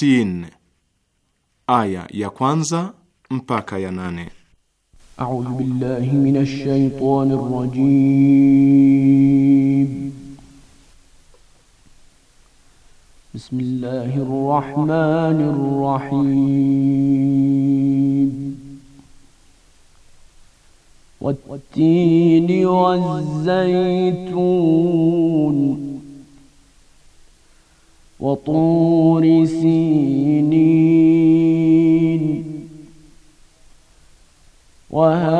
60 aya ya kwanza mpaka ya nane. A'udhu billahi minash shaitani rrajim. Bismillahir rahmanir rahim. والتين والزيتون وطور سينين وهذا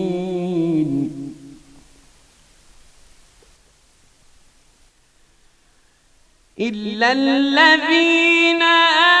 إلا الذين آمنوا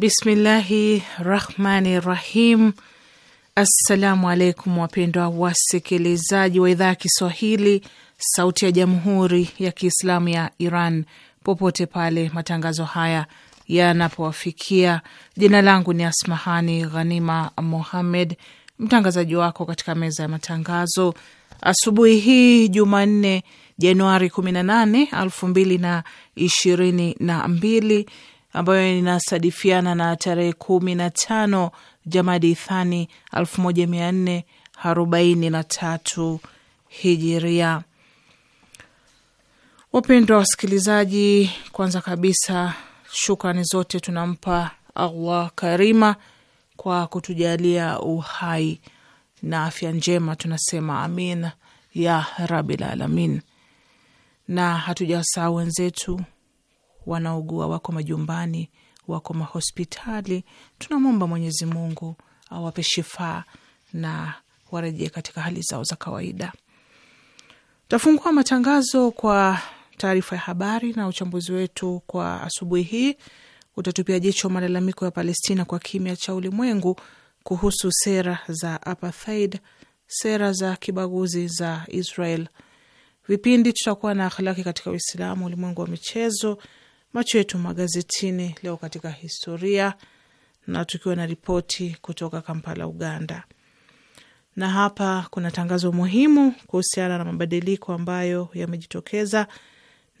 Bismillahi rahmani rahim. Assalamu alaikum wapendwa wasikilizaji wa idhaa ya Kiswahili sauti ya jamhuri ya Kiislamu ya Iran popote pale matangazo haya yanapowafikia. Jina langu ni Asmahani Ghanima Mohammed, mtangazaji wako katika meza ya matangazo asubuhi hii Jumanne Januari 18 elfu mbili na ishirini na mbili ambayo inasadifiana na tarehe kumi na tano Jamadi thani elfu moja mia nne arobaini na tatu hijiria. Wapendwa wasikilizaji, kwanza kabisa shukrani zote tunampa Allah Karima kwa kutujalia uhai na afya njema, tunasema amin ya rabil alamin, na hatujawasahau wenzetu wanaogua wako majumbani, wako mahospitali. Tunamwomba Mwenyezi Mungu awape shifaa na warejee katika hali zao za kawaida. Tafungua matangazo kwa taarifa ya habari na uchambuzi wetu kwa asubuhi hii utatupia jicho malalamiko ya Palestina kwa kimya cha ulimwengu kuhusu sera za apartheid, sera za kibaguzi za Israel. Vipindi tutakuwa na akhlaki katika Uislamu, ulimwengu wa michezo Macho yetu magazetini leo katika historia, na tukiwa na ripoti kutoka Kampala, Uganda. Na hapa kuna tangazo muhimu kuhusiana na mabadiliko ambayo yamejitokeza.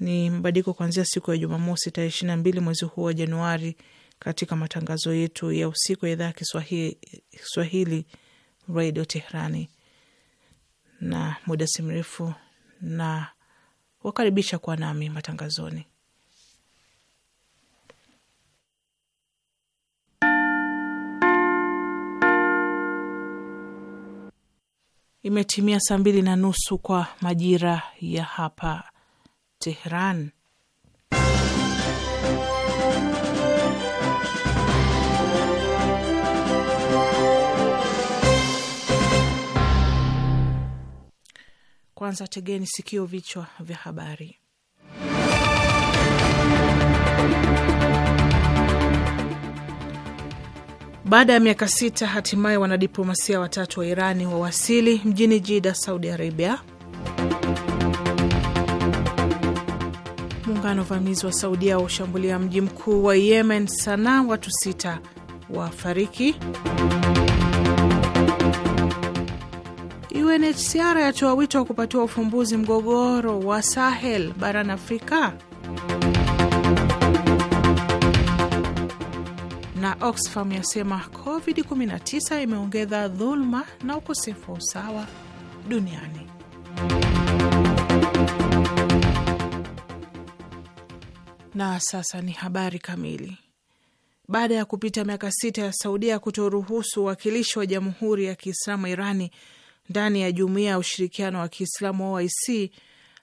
Ni mabadiliko kuanzia siku ya Jumamosi tarehe ishirini na mbili mwezi huu wa Januari katika matangazo yetu ya usiku ya idhaa ya Kiswahili Radio tehrani Na muda si mrefu na wakaribisha kuwa nami matangazoni. imetimia saa mbili na nusu kwa majira ya hapa Tehran. Kwanza tegeni sikio, vichwa vya habari. Baada ya miaka sita, hatimaye wanadiplomasia watatu wa Irani wawasili mjini Jida, Saudi Arabia. Muungano vamizi wa Saudia wa ushambulia mji mkuu wa Yemen, Sanaa, watu sita wafariki. UNHCR yatoa wito wa kupatiwa ufumbuzi mgogoro wa Sahel barani Afrika. Oxfam yasema COVID-19 imeongeza dhuluma na ukosefu wa usawa duniani. Na sasa ni habari kamili. Baada ya kupita miaka sita ya Saudia kutoruhusu uwakilishi wa Jamhuri ya Kiislamu Irani ndani ya Jumuiya ya Ushirikiano wa Kiislamu OIC,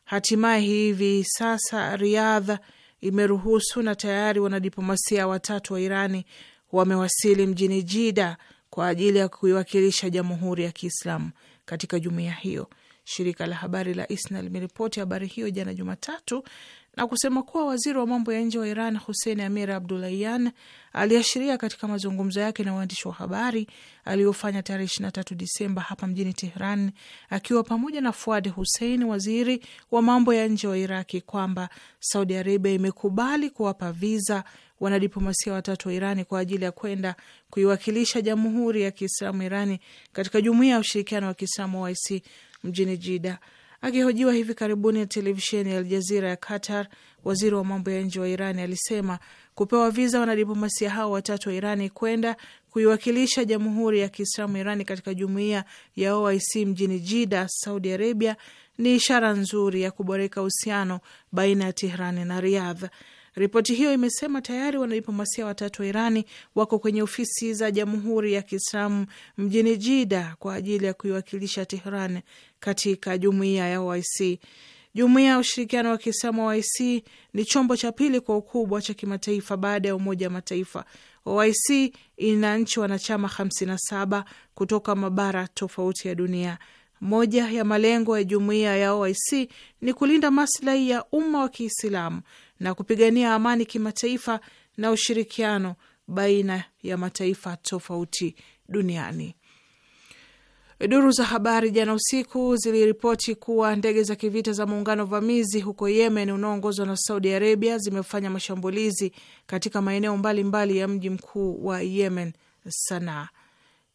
hatimaye hivi sasa Riadha imeruhusu na tayari wanadiplomasia watatu wa Irani wamewasili mjini Jida kwa ajili ya kuiwakilisha Jamhuri ya Kiislamu katika jumuiya hiyo. Shirika la habari la ISNA limeripoti habari hiyo jana Jumatatu na kusema kuwa waziri wa mambo ya nje wa Iran Hussein Amir Abdulayan aliashiria katika mazungumzo yake na waandishi wa habari aliyofanya tarehe 23 Disemba hapa mjini Tehran akiwa pamoja na Fuad Hussein, waziri wa mambo ya nje wa Iraki, kwamba Saudi Arabia imekubali kuwapa viza wanadiplomasia watatu wa Irani kwa ajili ya kwenda kuiwakilisha Jamhuri ya Kiislamu Irani katika Jumuiya ya Ushirikiano wa Kiislamu OIC mjini Jida. Akihojiwa hivi karibuni na televisheni ya Aljazira ya Qatar, waziri wa mambo ya nje wa Irani alisema kupewa viza wanadiplomasia hao watatu wa Irani kwenda kuiwakilisha Jamhuri ya Kiislamu Irani katika jumuiya ya OIC mjini Jida, Saudi Arabia, ni ishara nzuri ya kuboreka uhusiano baina ya Tehrani na riadh Ripoti hiyo imesema tayari wanadiplomasia watatu wa Irani wako kwenye ofisi za Jamhuri ya Kiislamu mjini Jida kwa ajili ya kuiwakilisha Tehran katika jumuiya ya OIC. Jumuiya ya ushirikiano wa Kiislamu OIC ni chombo cha pili kwa ukubwa cha kimataifa baada ya Umoja wa Mataifa. OIC ina nchi wanachama 57 kutoka mabara tofauti ya dunia. Moja ya malengo ya jumuiya ya OIC ni kulinda maslahi ya umma wa Kiislamu na kupigania amani kimataifa na ushirikiano baina ya mataifa tofauti duniani. Duru za habari jana usiku ziliripoti kuwa ndege za kivita za muungano vamizi huko Yemen unaoongozwa na Saudi Arabia zimefanya mashambulizi katika maeneo mbalimbali ya mji mkuu wa Yemen, Sanaa.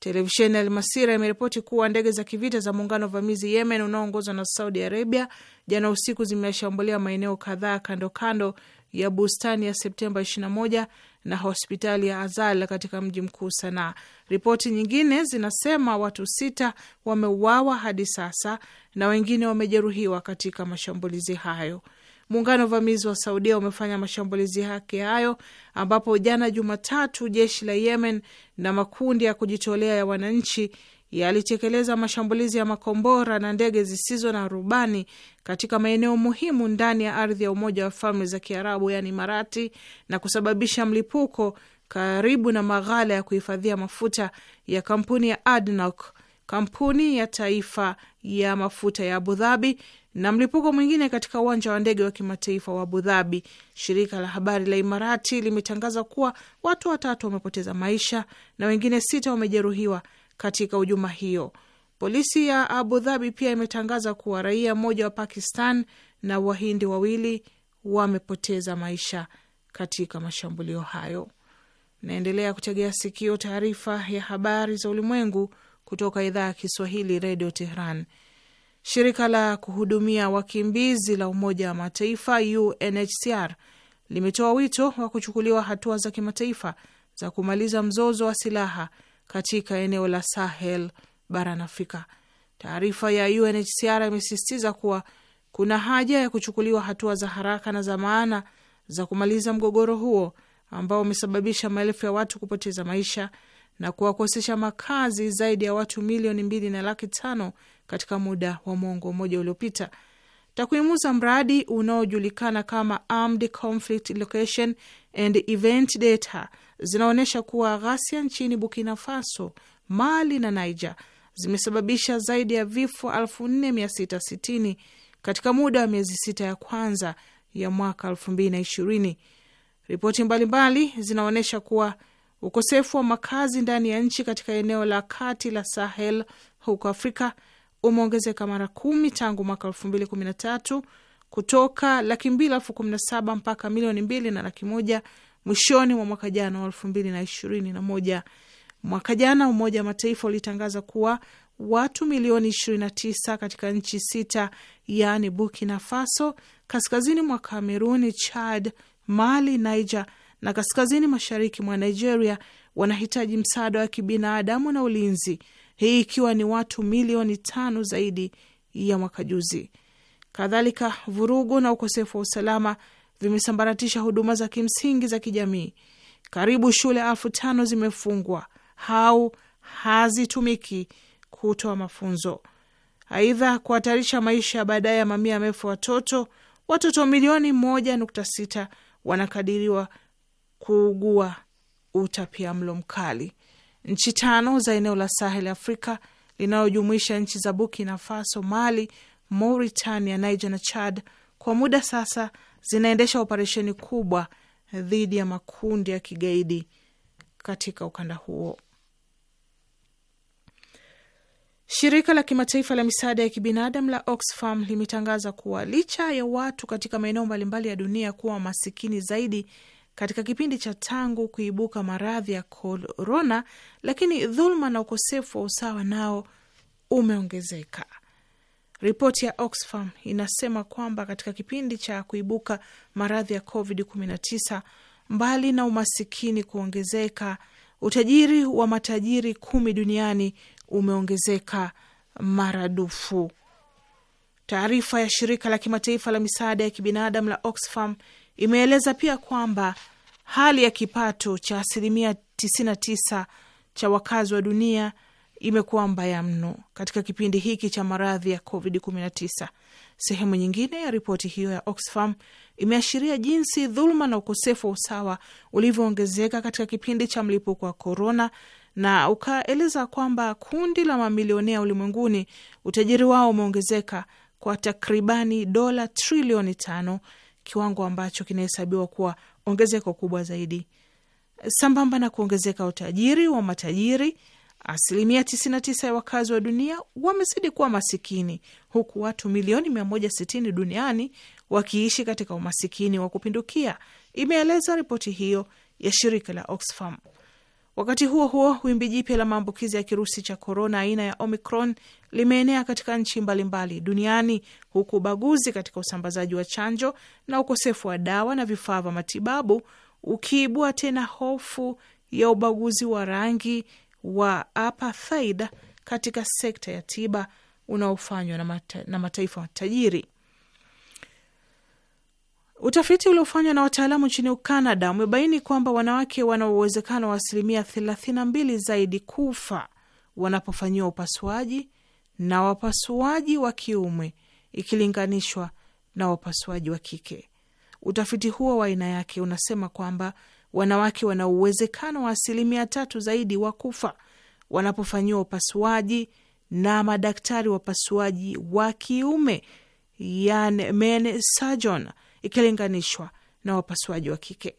Televisheni Almasira imeripoti kuwa ndege za kivita za muungano wa vamizi Yemen unaoongozwa na Saudi Arabia jana usiku zimeshambulia maeneo kadhaa kando kando ya bustani ya Septemba 21 na hospitali ya Azal katika mji mkuu Sanaa. Ripoti nyingine zinasema watu sita wameuawa hadi sasa na wengine wamejeruhiwa katika mashambulizi hayo. Muungano wa uvamizi wa Saudia umefanya mashambulizi yake hayo, ambapo jana Jumatatu jeshi la Yemen na makundi ya kujitolea ya wananchi yalitekeleza mashambulizi ya makombora na ndege zisizo na rubani katika maeneo muhimu ndani ya ardhi ya Umoja wa Falme za Kiarabu, yaani marati na kusababisha mlipuko karibu na maghala ya kuhifadhia mafuta ya kampuni ya ADNOC, kampuni ya taifa ya mafuta ya Abu Dhabi, na mlipuko mwingine katika uwanja wa ndege wa kimataifa wa Abu Dhabi. Shirika la habari la Imarati limetangaza kuwa watu watatu wamepoteza maisha na wengine sita wamejeruhiwa katika hujuma hiyo. Polisi ya Abu Dhabi pia imetangaza kuwa raia mmoja wa Pakistan na Wahindi wawili wamepoteza maisha katika mashambulio hayo. Naendelea kutegea sikio taarifa ya habari za ulimwengu kutoka idhaa ya Kiswahili, Redio Tehran. Shirika la kuhudumia wakimbizi la Umoja wa Mataifa UNHCR limetoa wito wa kuchukuliwa hatua za kimataifa za kumaliza mzozo wa silaha katika eneo la Sahel barani Afrika. Taarifa ya UNHCR imesisitiza kuwa kuna haja ya kuchukuliwa hatua za haraka na za maana za kumaliza mgogoro huo ambao umesababisha maelfu ya watu kupoteza maisha na kuwakosesha makazi zaidi ya watu milioni mbili na laki tano katika muda wa mwongo mmoja uliopita. Takwimu za mradi unaojulikana kama Armed Conflict Location and Event Data zinaonyesha kuwa ghasia nchini Burkina Faso, Mali na Niger zimesababisha zaidi ya vifo 4660 katika muda wa miezi sita ya kwanza ya mwaka 2020. Ripoti mbalimbali zinaonyesha kuwa ukosefu wa makazi ndani ya nchi katika eneo la kati la Sahel huko Afrika umeongezeka mara kumi tangu mwaka elfu mbili kumi na tatu kutoka laki mbili elfu kumi na saba mpaka milioni mbili na laki moja mwishoni mwa mwaka jana wa elfu mbili na ishirini na moja. Mwaka jana Umoja wa Mataifa ulitangaza kuwa watu milioni 29 katika nchi sita yaani Burkina Faso, kaskazini mwa Kameruni, Chad, Mali, Niger na kaskazini mashariki mwa Nigeria wanahitaji msaada wa kibinadamu na ulinzi hii ikiwa ni watu milioni tano zaidi ya mwaka juzi. Kadhalika, vurugu na ukosefu wa usalama vimesambaratisha huduma za kimsingi za kijamii. Karibu shule elfu tano zimefungwa au hazitumiki kutoa mafunzo. Aidha, kuhatarisha maisha ya baadaye ya mamia ya maelfu watoto. Watoto milioni moja nukta sita wanakadiriwa kuugua utapia mlo mkali nchi tano za eneo la Sahel Afrika linalojumuisha nchi za Burkina Faso, Mali, Mauritania, Niger na Chad kwa muda sasa zinaendesha operesheni kubwa dhidi ya makundi ya kigaidi katika ukanda huo. Shirika la kimataifa la misaada ya kibinadamu la Oxfam limetangaza kuwa licha ya watu katika maeneo mbalimbali ya dunia kuwa masikini zaidi katika kipindi cha tangu kuibuka maradhi ya korona, lakini dhuluma na ukosefu wa usawa nao umeongezeka. Ripoti ya Oxfam inasema kwamba katika kipindi cha kuibuka maradhi ya COVID-19, mbali na umasikini kuongezeka, utajiri wa matajiri kumi duniani umeongezeka maradufu. Taarifa ya shirika la kimataifa la misaada ya kibinadamu la Oxfam imeeleza pia kwamba hali ya kipato cha asilimia 99 cha wakazi wa dunia imekuwa mbaya mno katika kipindi hiki cha maradhi ya COVID-19. Sehemu nyingine ya ripoti hiyo ya Oxfam imeashiria jinsi dhuluma na ukosefu wa usawa ulivyoongezeka katika kipindi cha mlipuko wa korona, na ukaeleza kwamba kundi la mamilionea ulimwenguni utajiri wao umeongezeka kwa takribani dola trilioni tano, kiwango ambacho kinahesabiwa kuwa ongezeko kubwa zaidi, sambamba na kuongezeka utajiri wa matajiri. Asilimia 99 ya wakazi wa dunia wamezidi kuwa masikini huku watu milioni 160 duniani wakiishi katika umasikini wa kupindukia, imeeleza ripoti hiyo ya shirika la Oxfam. Wakati huo huo, wimbi jipya la maambukizi ya kirusi cha korona aina ya Omicron limeenea katika nchi mbalimbali mbali duniani huku ubaguzi katika usambazaji wa chanjo na ukosefu wa dawa na vifaa vya matibabu ukiibua tena hofu ya ubaguzi wa rangi wa apartheid katika sekta ya tiba unaofanywa na, mata, na mataifa matajiri Utafiti uliofanywa na wataalamu nchini Canada umebaini kwamba wanawake wana uwezekano wa asilimia 32 zaidi kufa wanapofanyiwa upasuaji na wapasuaji wa kiume ikilinganishwa na wapasuaji wa kike. Utafiti huo wa aina yake unasema kwamba wanawake wana uwezekano wa asilimia tatu zaidi wa kufa wanapofanyiwa upasuaji na madaktari wapasuaji wa kiume, yani men surgeon ikilinganishwa na wapasuaji wa kike.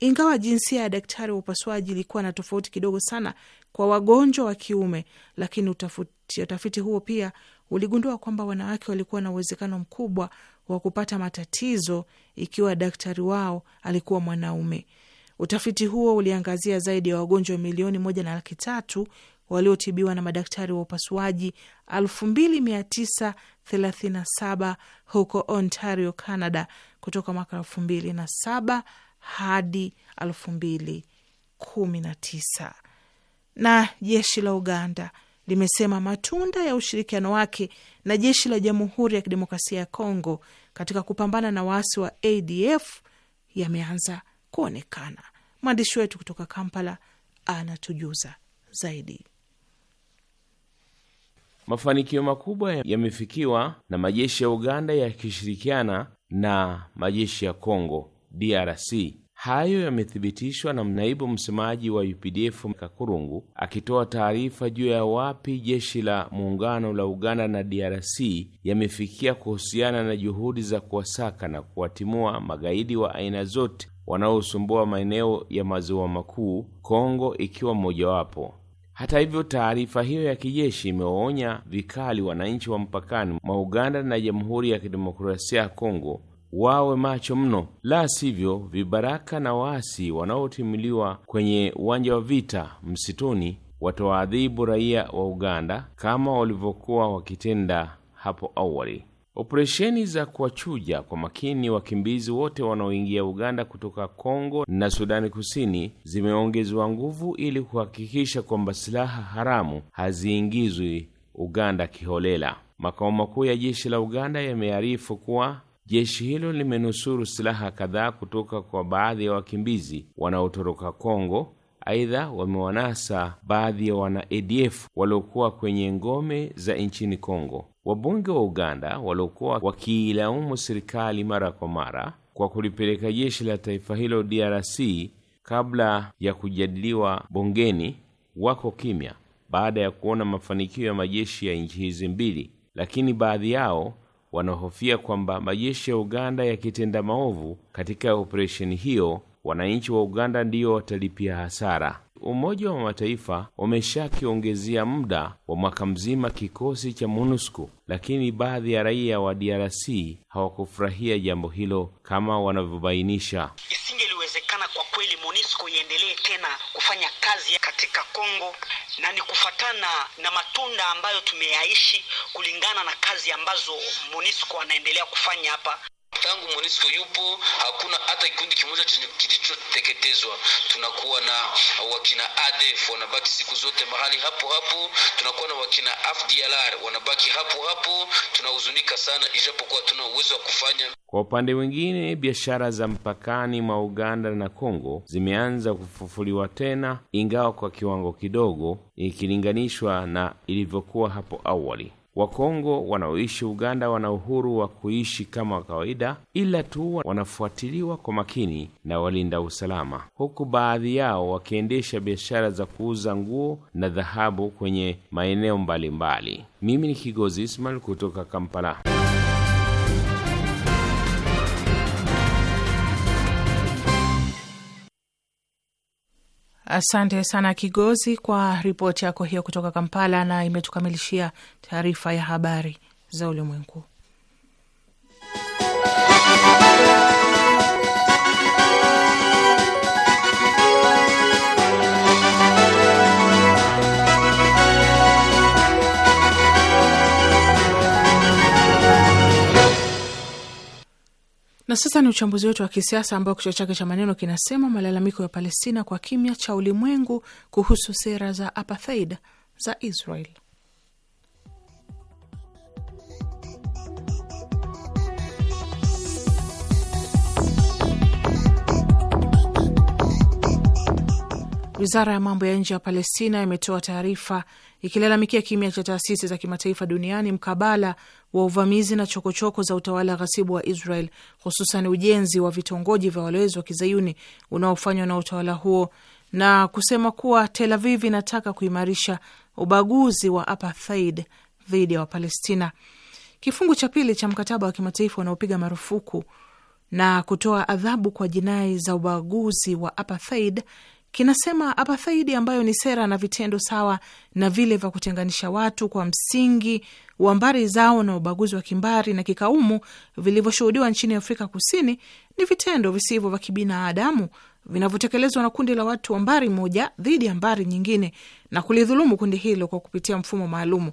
Ingawa jinsia ya daktari wa upasuaji ilikuwa na tofauti kidogo sana kwa wagonjwa wa kiume, lakini utafiti, utafiti huo pia uligundua kwamba wanawake walikuwa na uwezekano mkubwa wa kupata matatizo ikiwa daktari wao alikuwa mwanaume. Utafiti huo uliangazia zaidi ya wagonjwa milioni moja na laki tatu waliotibiwa na madaktari wa upasuaji 2937 huko Ontario, Canada, kutoka mwaka 2007 hadi 2019. Na jeshi la Uganda limesema matunda ya ushirikiano wake na jeshi la Jamhuri ya Kidemokrasia ya Kongo katika kupambana na waasi wa ADF yameanza kuonekana. Mwandishi wetu kutoka Kampala anatujuza zaidi. Mafanikio makubwa yamefikiwa na majeshi ya Uganda yakishirikiana na majeshi ya congo DRC. Hayo yamethibitishwa na naibu msemaji wa UPDF Kakurungu akitoa taarifa juu ya wapi jeshi la muungano la Uganda na DRC yamefikia kuhusiana na juhudi za kuwasaka na kuwatimua magaidi wa aina zote wanaosumbua maeneo ya maziwa makuu, Kongo ikiwa mmojawapo. Hata hivyo, taarifa hiyo ya kijeshi imewaonya vikali wananchi wa mpakani mwa Uganda na Jamhuri ya Kidemokrasia ya Kongo wawe macho mno, la sivyo vibaraka na waasi wanaotimuliwa kwenye uwanja wa vita msituni watawaadhibu raia wa Uganda kama walivyokuwa wakitenda hapo awali. Operesheni za kuwachuja kwa makini wakimbizi wote wanaoingia Uganda kutoka Kongo na Sudani Kusini zimeongezwa nguvu ili kuhakikisha kwamba silaha haramu haziingizwi Uganda kiholela. Makao makuu ya jeshi la Uganda yamearifu kuwa jeshi hilo limenusuru silaha kadhaa kutoka kwa baadhi ya wakimbizi wanaotoroka Kongo. Aidha, wamewanasa baadhi ya wana ADF waliokuwa kwenye ngome za nchini Kongo. Wabunge wa Uganda waliokuwa wakiilaumu serikali mara kwa mara kwa kulipeleka jeshi la taifa hilo DRC kabla ya kujadiliwa bungeni wako kimya baada ya kuona mafanikio ya majeshi ya nchi hizi mbili, lakini baadhi yao wanahofia kwamba majeshi ya Uganda yakitenda maovu katika operesheni hiyo, wananchi wa Uganda ndiyo watalipia hasara. Umoja wa Mataifa umeshakiongezea muda wa mwaka mzima kikosi cha MONUSCO, lakini baadhi ya raia wa DRC hawakufurahia jambo hilo kama wanavyobainisha. Isingeliwezekana kwa kweli MONUSCO iendelee tena kufanya kazi katika Kongo na ni kufatana na matunda ambayo tumeyaishi kulingana na kazi ambazo MONUSCO anaendelea kufanya hapa tangu MONUSCO yupo hakuna hata kikundi kimoja kilichoteketezwa. Tunakuwa na wakina ADF wanabaki siku zote mahali hapo hapo, tunakuwa na wakina FDLR wanabaki hapo hapo. Tunahuzunika sana, ijapokuwa tuna uwezo wa kufanya. Kwa upande mwingine, biashara za mpakani mwa Uganda na Kongo zimeanza kufufuliwa tena, ingawa kwa kiwango kidogo ikilinganishwa na ilivyokuwa hapo awali. Wakongo wanaoishi Uganda wana uhuru wa kuishi kama kawaida, ila tu wanafuatiliwa kwa makini na walinda usalama, huku baadhi yao wakiendesha biashara za kuuza nguo na dhahabu kwenye maeneo mbalimbali. Mimi ni Kigozi Ismail kutoka Kampala. Asante sana Kigozi kwa ripoti yako hiyo kutoka Kampala, na imetukamilishia taarifa ya habari za ulimwengu. Na sasa ni uchambuzi wetu wa kisiasa ambao kichwa chake cha maneno kinasema malalamiko ya Palestina kwa kimya cha ulimwengu kuhusu sera za apartheid za Israel. Wizara ya mambo ya nje ya Palestina imetoa taarifa ikilalamikia kimya cha taasisi za kimataifa duniani mkabala wa uvamizi na chokochoko choko za utawala ghasibu wa Israel, hususan ujenzi wa vitongoji vya walowezi wa kizayuni unaofanywa na utawala huo na kusema kuwa Tel Aviv inataka kuimarisha ubaguzi wa apartheid dhidi ya Wapalestina. Kifungu cha pili cha mkataba wa kimataifa unaopiga marufuku na kutoa adhabu kwa jinai za ubaguzi wa apartheid kinasema apathaidi ambayo ni sera na vitendo sawa na vile vya kutenganisha watu kwa msingi wa mbari zao na ubaguzi wa kimbari na kikaumu vilivyoshuhudiwa nchini Afrika Kusini ni vitendo visivyo vya kibinadamu vinavyotekelezwa na kundi la watu wa mbari moja dhidi ya mbari nyingine na kulidhulumu kundi hilo kwa kupitia mfumo maalumu.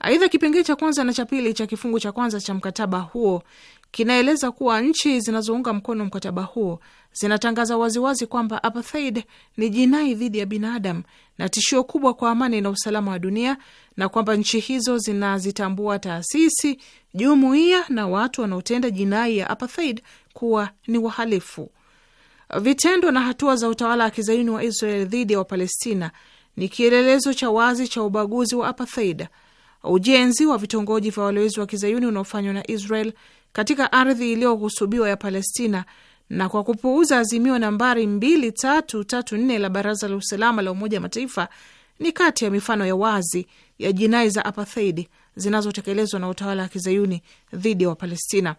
Aidha, kipengee cha kwanza na cha pili cha kifungu cha kwanza cha mkataba huo kinaeleza kuwa nchi zinazounga mkono mkataba huo zinatangaza waziwazi kwamba apartheid ni jinai dhidi ya binadamu na tishio kubwa kwa amani na usalama wa dunia, na kwamba nchi hizo zinazitambua taasisi, jumuiya na watu wanaotenda jinai ya apartheid kuwa ni wahalifu. Vitendo na hatua za utawala wa kizaini wa Israel dhidi ya Wapalestina ni kielelezo cha wazi cha ubaguzi wa apartheid. Ujenzi wa vitongoji vya walowezi wa kizayuni unaofanywa na Israel katika ardhi iliyohusubiwa ya Palestina na kwa kupuuza azimio nambari 2334 la Baraza la Usalama la Umoja wa Mataifa ni kati ya mifano ya wazi ya jinai za apartheid zinazotekelezwa na utawala wa kizayuni dhidi ya Wapalestina.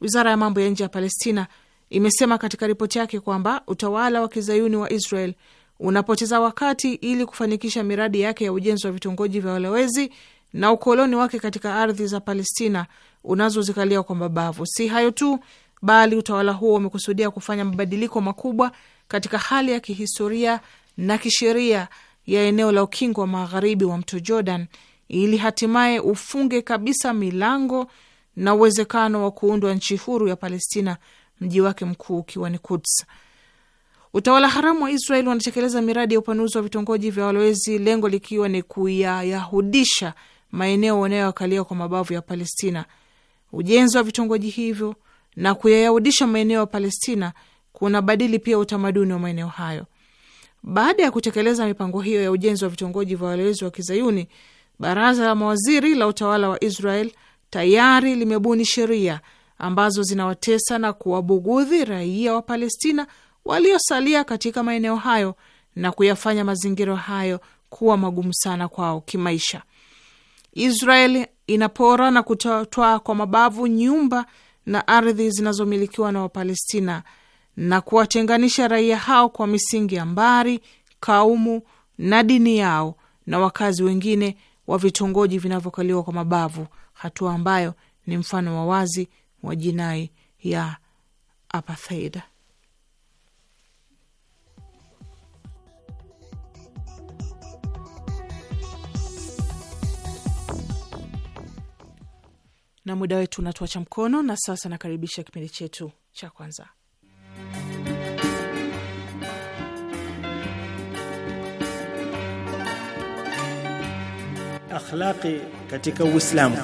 Wizara ya mambo ya nje ya Palestina imesema katika ripoti yake kwamba utawala wa kizayuni wa Israel unapoteza wakati ili kufanikisha miradi yake ya ujenzi wa vitongoji vya walowezi na ukoloni wake katika ardhi za Palestina unazozikalia kwa mabavu. Si hayo tu, bali utawala huo umekusudia kufanya mabadiliko makubwa katika hali ya kihistoria na kisheria ya eneo la ukingo wa magharibi wa mto Jordan ili hatimaye ufunge kabisa milango na uwezekano wa kuundwa nchi huru ya Palestina, mji wake mkuu ukiwa ni Kuds. Utawala haramu wa Israeli wanatekeleza miradi ya upanuzi wa vitongoji vya walowezi, lengo likiwa ni kuyayahudisha ya maeneo wanayoakalia kwa mabavu ya Palestina. Ujenzi wa vitongoji hivyo na kuyayaudisha maeneo ya Palestina kuna badili pia utamaduni wa maeneo hayo. Baada ya kutekeleza mipango hiyo ya ujenzi wa vitongoji vya walowezi wa Kizayuni, baraza la mawaziri la utawala wa Israel tayari limebuni sheria ambazo zinawatesa na kuwabugudhi raia wa Palestina waliosalia katika maeneo hayo na kuyafanya mazingira hayo kuwa magumu sana kwao kimaisha. Israel inapora na kutwaa kwa mabavu nyumba na ardhi zinazomilikiwa na Wapalestina na kuwatenganisha raia hao kwa misingi ya mbari, kaumu na dini yao na wakazi wengine wa vitongoji vinavyokaliwa kwa mabavu, hatua ambayo ni mfano wa wazi wa jinai ya apartheid. na muda wetu unatuacha mkono, na sasa nakaribisha kipindi chetu cha kwanza Akhlaqi katika Uislamu.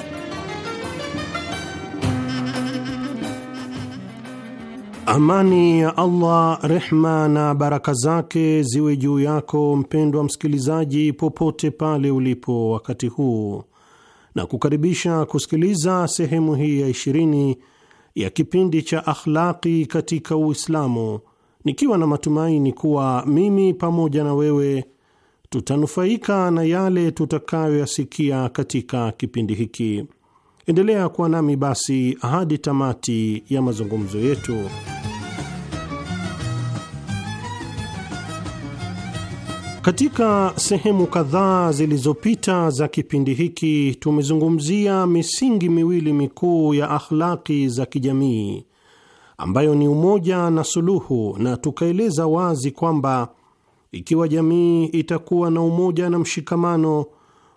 Amani ya Allah, rehma na baraka zake ziwe juu yako mpendwa msikilizaji, popote pale ulipo wakati huu na kukaribisha kusikiliza sehemu hii ya ishirini ya kipindi cha Akhlaqi katika Uislamu, nikiwa na matumaini kuwa mimi pamoja na wewe tutanufaika na yale tutakayoyasikia katika kipindi hiki. Endelea kuwa nami basi hadi tamati ya mazungumzo yetu. Katika sehemu kadhaa zilizopita za kipindi hiki tumezungumzia misingi miwili mikuu ya akhlaki za kijamii ambayo ni umoja na suluhu, na tukaeleza wazi kwamba ikiwa jamii itakuwa na umoja na mshikamano,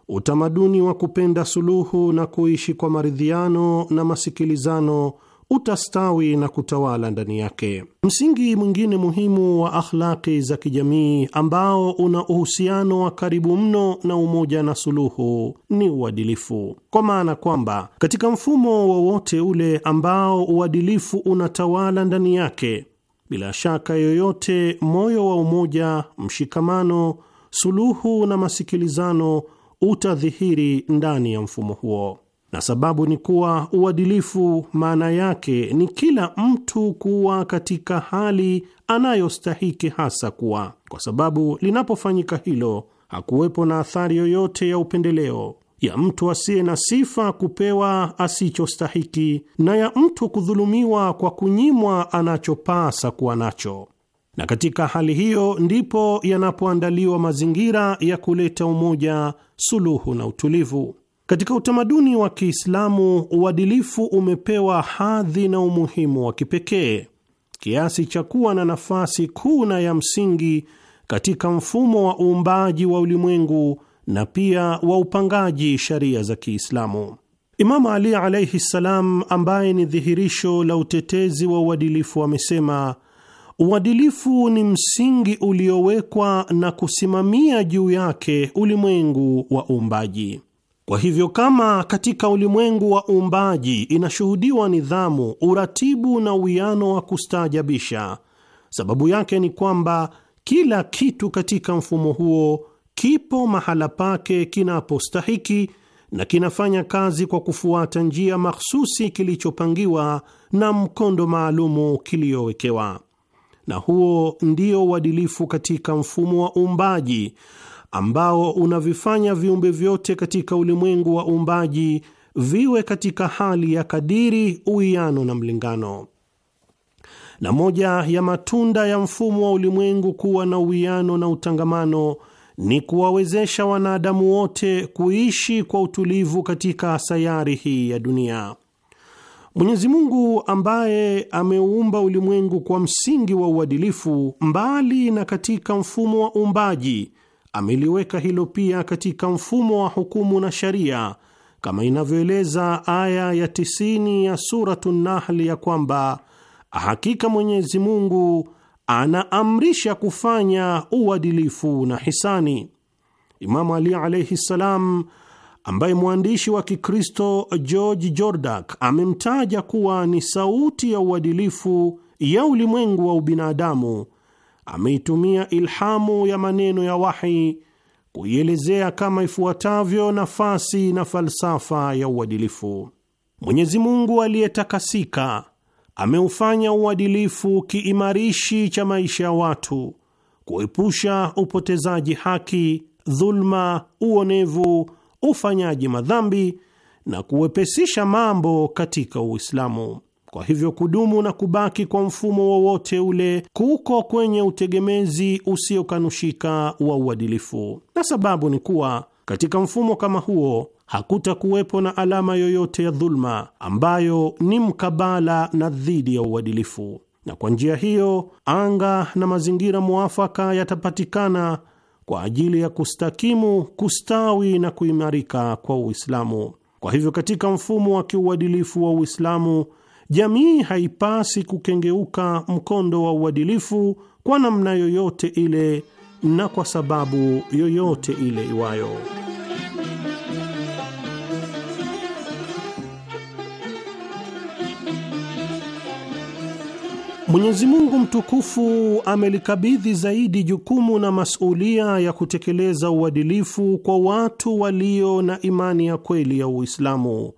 utamaduni wa kupenda suluhu na kuishi kwa maridhiano na masikilizano utastawi na kutawala ndani yake. Msingi mwingine muhimu wa akhlaki za kijamii ambao una uhusiano wa karibu mno na umoja na suluhu ni uadilifu, kwa maana kwamba katika mfumo wowote ule ambao uadilifu unatawala ndani yake, bila shaka yoyote, moyo wa umoja, mshikamano, suluhu na masikilizano utadhihiri ndani ya mfumo huo na sababu ni kuwa uadilifu maana yake ni kila mtu kuwa katika hali anayostahiki hasa kuwa, kwa sababu linapofanyika hilo hakuwepo na athari yoyote ya upendeleo ya mtu asiye na sifa kupewa asichostahiki na ya mtu kudhulumiwa kwa kunyimwa anachopasa kuwa nacho. Na katika hali hiyo ndipo yanapoandaliwa mazingira ya kuleta umoja, suluhu na utulivu. Katika utamaduni wa Kiislamu, uadilifu umepewa hadhi na umuhimu wa kipekee kiasi cha kuwa na nafasi kuu na ya msingi katika mfumo wa uumbaji wa ulimwengu na pia wa upangaji sharia za Kiislamu. Imamu Ali alaihi ssalam, ambaye ni dhihirisho la utetezi wa uadilifu, amesema uadilifu ni msingi uliowekwa na kusimamia juu yake ulimwengu wa uumbaji. Kwa hivyo kama katika ulimwengu wa uumbaji inashuhudiwa nidhamu, uratibu na uwiano wa kustaajabisha, sababu yake ni kwamba kila kitu katika mfumo huo kipo mahala pake kinapostahiki na kinafanya kazi kwa kufuata njia mahsusi kilichopangiwa na mkondo maalumu kiliyowekewa. Na huo ndio uadilifu katika mfumo wa uumbaji ambao unavifanya viumbe vyote katika ulimwengu wa uumbaji viwe katika hali ya kadiri, uwiano na mlingano. Na moja ya matunda ya mfumo wa ulimwengu kuwa na uwiano na utangamano ni kuwawezesha wanadamu wote kuishi kwa utulivu katika sayari hii ya dunia. Mwenyezi Mungu ambaye ameuumba ulimwengu kwa msingi wa uadilifu, mbali na katika mfumo wa uumbaji, ameliweka hilo pia katika mfumo wa hukumu na sharia kama inavyoeleza aya ya tisini ya Suratu Nahli ya kwamba hakika Mwenyezi Mungu anaamrisha kufanya uadilifu na hisani. Imamu Ali alaihi ssalam, ambaye mwandishi wa Kikristo George Jordak amemtaja kuwa ni sauti ya uadilifu ya ulimwengu wa ubinadamu ameitumia ilhamu ya maneno ya wahi kuielezea kama ifuatavyo nafasi na falsafa ya uadilifu. Mwenyezi Mungu aliyetakasika ameufanya uadilifu kiimarishi cha maisha ya watu, kuepusha upotezaji haki, dhulma, uonevu, ufanyaji madhambi na kuwepesisha mambo katika Uislamu. Kwa hivyo kudumu na kubaki kwa mfumo wowote ule kuko kwenye utegemezi usiokanushika wa uadilifu, na sababu ni kuwa katika mfumo kama huo hakutakuwepo na alama yoyote ya dhuluma ambayo ni mkabala na dhidi ya uadilifu, na kwa njia hiyo anga na mazingira mwafaka yatapatikana kwa ajili ya kustakimu, kustawi na kuimarika kwa Uislamu. Kwa hivyo katika mfumo wa kiuadilifu wa Uislamu jamii haipasi kukengeuka mkondo wa uadilifu kwa namna yoyote ile na kwa sababu yoyote ile iwayo. Mwenyezi Mungu mtukufu amelikabidhi zaidi jukumu na masulia ya kutekeleza uadilifu kwa watu walio na imani ya kweli ya Uislamu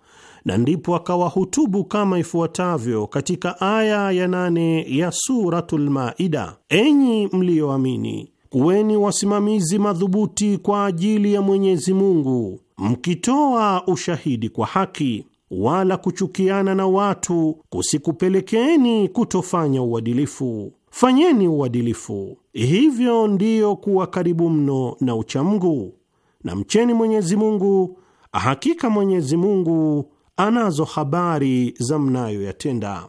na ndipo akawahutubu kama ifuatavyo katika aya ya nane ya Suratul Maida: enyi mliyoamini, kuweni wasimamizi madhubuti kwa ajili ya Mwenyezi Mungu, mkitoa ushahidi kwa haki, wala kuchukiana na watu kusikupelekeeni kutofanya uadilifu. Fanyeni uadilifu, hivyo ndiyo kuwa karibu mno na uchamgu na mcheni Mwenyezi Mungu, hakika Mwenyezi Mungu anazo habari za mnayoyatenda.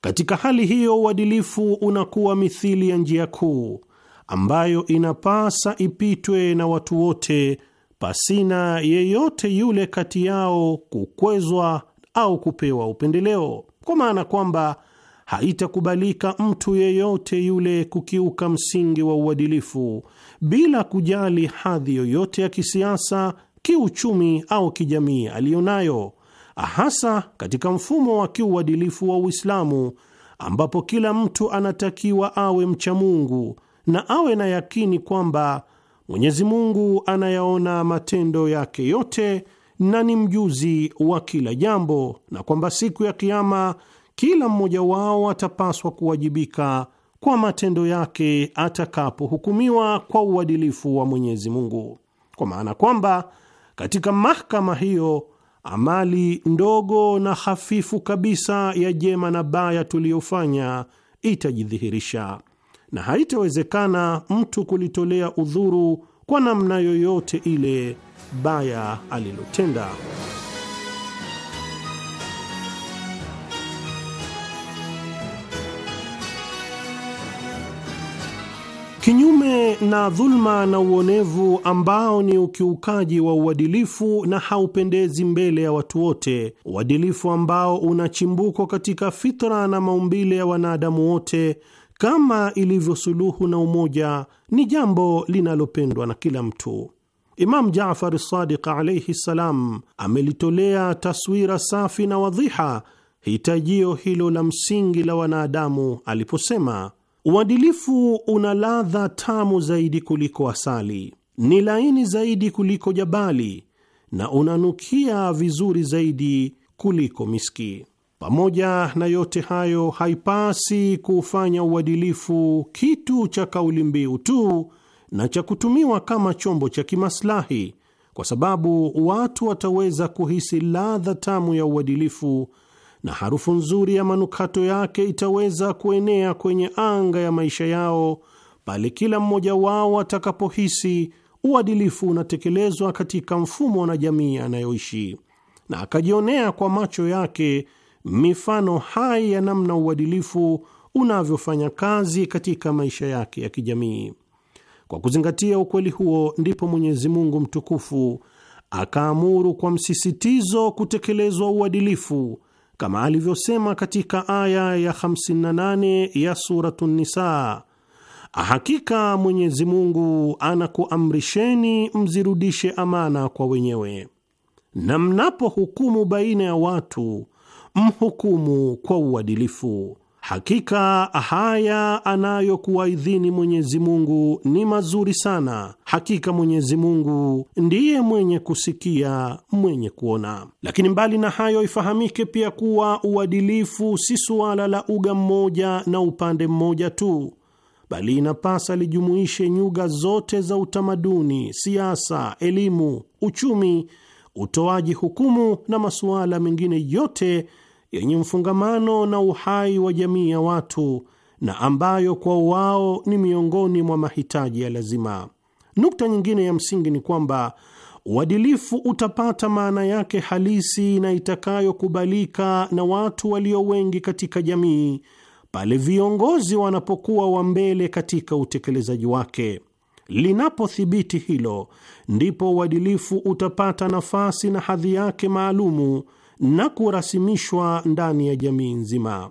Katika hali hiyo, uadilifu unakuwa mithili ya njia kuu ambayo inapasa ipitwe na watu wote pasina yeyote yule kati yao kukwezwa au kupewa upendeleo, kwa maana kwamba haitakubalika mtu yeyote yule kukiuka msingi wa uadilifu bila kujali hadhi yoyote ya kisiasa, kiuchumi au kijamii aliyonayo hasa katika mfumo wa kiuadilifu wa Uislamu ambapo kila mtu anatakiwa awe mcha Mungu na awe na yakini kwamba Mwenyezi Mungu anayaona matendo yake yote na ni mjuzi wa kila jambo, na kwamba siku ya Kiama kila mmoja wao atapaswa kuwajibika kwa matendo yake atakapohukumiwa kwa uadilifu wa Mwenyezi Mungu, kwa maana kwamba katika mahakama hiyo amali ndogo na hafifu kabisa ya jema na baya tuliyofanya itajidhihirisha, na haitawezekana mtu kulitolea udhuru kwa namna yoyote ile baya alilotenda. Kinyume na dhulma na uonevu ambao ni ukiukaji wa uadilifu na haupendezi mbele ya watu wote, uadilifu ambao una chimbuko katika fitra na maumbile ya wanadamu wote, kama ilivyo suluhu na umoja, ni jambo linalopendwa na kila mtu. Imam Jafar Sadiq alaihi ssalam amelitolea taswira safi na wadhiha hitajio hilo la msingi la wanadamu aliposema: Uadilifu una ladha tamu zaidi kuliko asali, ni laini zaidi kuliko jabali, na unanukia vizuri zaidi kuliko miski. Pamoja na yote hayo, haipasi kuufanya uadilifu kitu cha kauli mbiu tu na cha kutumiwa kama chombo cha kimaslahi, kwa sababu watu wataweza kuhisi ladha tamu ya uadilifu na harufu nzuri ya manukato yake itaweza kuenea kwenye anga ya maisha yao pale kila mmoja wao atakapohisi uadilifu unatekelezwa katika mfumo na jamii anayoishi, na akajionea kwa macho yake mifano hai ya namna uadilifu unavyofanya kazi katika maisha yake ya kijamii. Kwa kuzingatia ukweli huo, ndipo Mwenyezi Mungu mtukufu akaamuru kwa msisitizo kutekelezwa uadilifu kama alivyosema katika aya ya 58 ya Suratu Nisa, hakika Mwenyezi Mungu anakuamrisheni mzirudishe amana kwa wenyewe, na mnapohukumu baina ya watu mhukumu kwa uadilifu Hakika haya anayokuwaidhini Mwenyezi Mungu ni mazuri sana. Hakika Mwenyezi Mungu ndiye mwenye kusikia, mwenye kuona. Lakini mbali na hayo, ifahamike pia kuwa uadilifu si suala la uga mmoja na upande mmoja tu, bali inapasa lijumuishe nyuga zote za utamaduni, siasa, elimu, uchumi, utoaji hukumu na masuala mengine yote yenye mfungamano na uhai wa jamii ya watu na ambayo kwa wao ni miongoni mwa mahitaji ya lazima. Nukta nyingine ya msingi ni kwamba uadilifu utapata maana yake halisi na itakayokubalika na watu walio wengi katika jamii pale viongozi wanapokuwa wa mbele katika utekelezaji wake. Linapothibiti hilo, ndipo uadilifu utapata nafasi na hadhi yake maalumu na kurasimishwa ndani ya jamii nzima.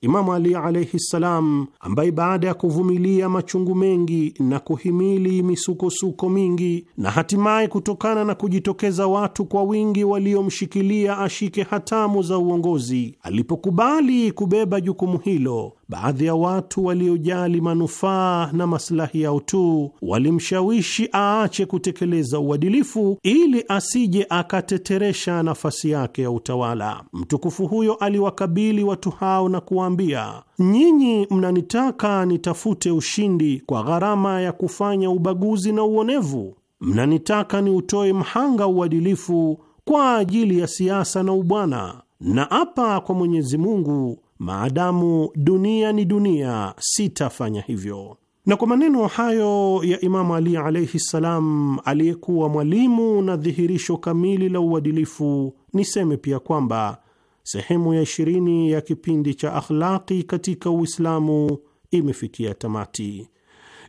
Imamu Ali alaihi ssalam, ambaye baada ya kuvumilia machungu mengi na kuhimili misukosuko mingi na hatimaye kutokana na kujitokeza watu kwa wingi waliomshikilia ashike hatamu za uongozi, alipokubali kubeba jukumu hilo baadhi ya watu waliojali manufaa na maslahi yao tu walimshawishi aache kutekeleza uadilifu ili asije akateteresha nafasi yake ya utawala. Mtukufu huyo aliwakabili watu hao na kuwaambia, nyinyi mnanitaka nitafute ushindi kwa gharama ya kufanya ubaguzi na uonevu, mnanitaka niutoe mhanga uadilifu kwa ajili ya siasa na ubwana, na apa kwa Mwenyezi Mungu maadamu dunia ni dunia, sitafanya hivyo. Na kwa maneno hayo ya Imamu Ali alaihi ssalam, aliyekuwa mwalimu na dhihirisho kamili la uadilifu, niseme pia kwamba sehemu ya ishirini ya kipindi cha akhlaqi katika Uislamu imefikia tamati.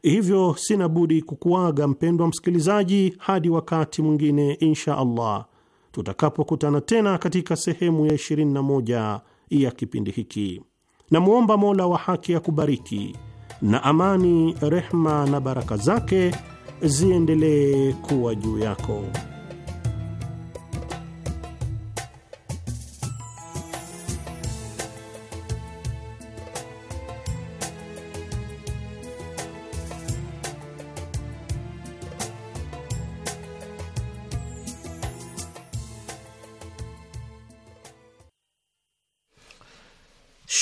Hivyo sina budi kukuaga mpendwa msikilizaji, hadi wakati mwingine insha Allah tutakapokutana tena katika sehemu ya 21 ya kipindi hiki. Namwomba Mola wa haki akubariki, na amani, rehma na baraka zake ziendelee kuwa juu yako.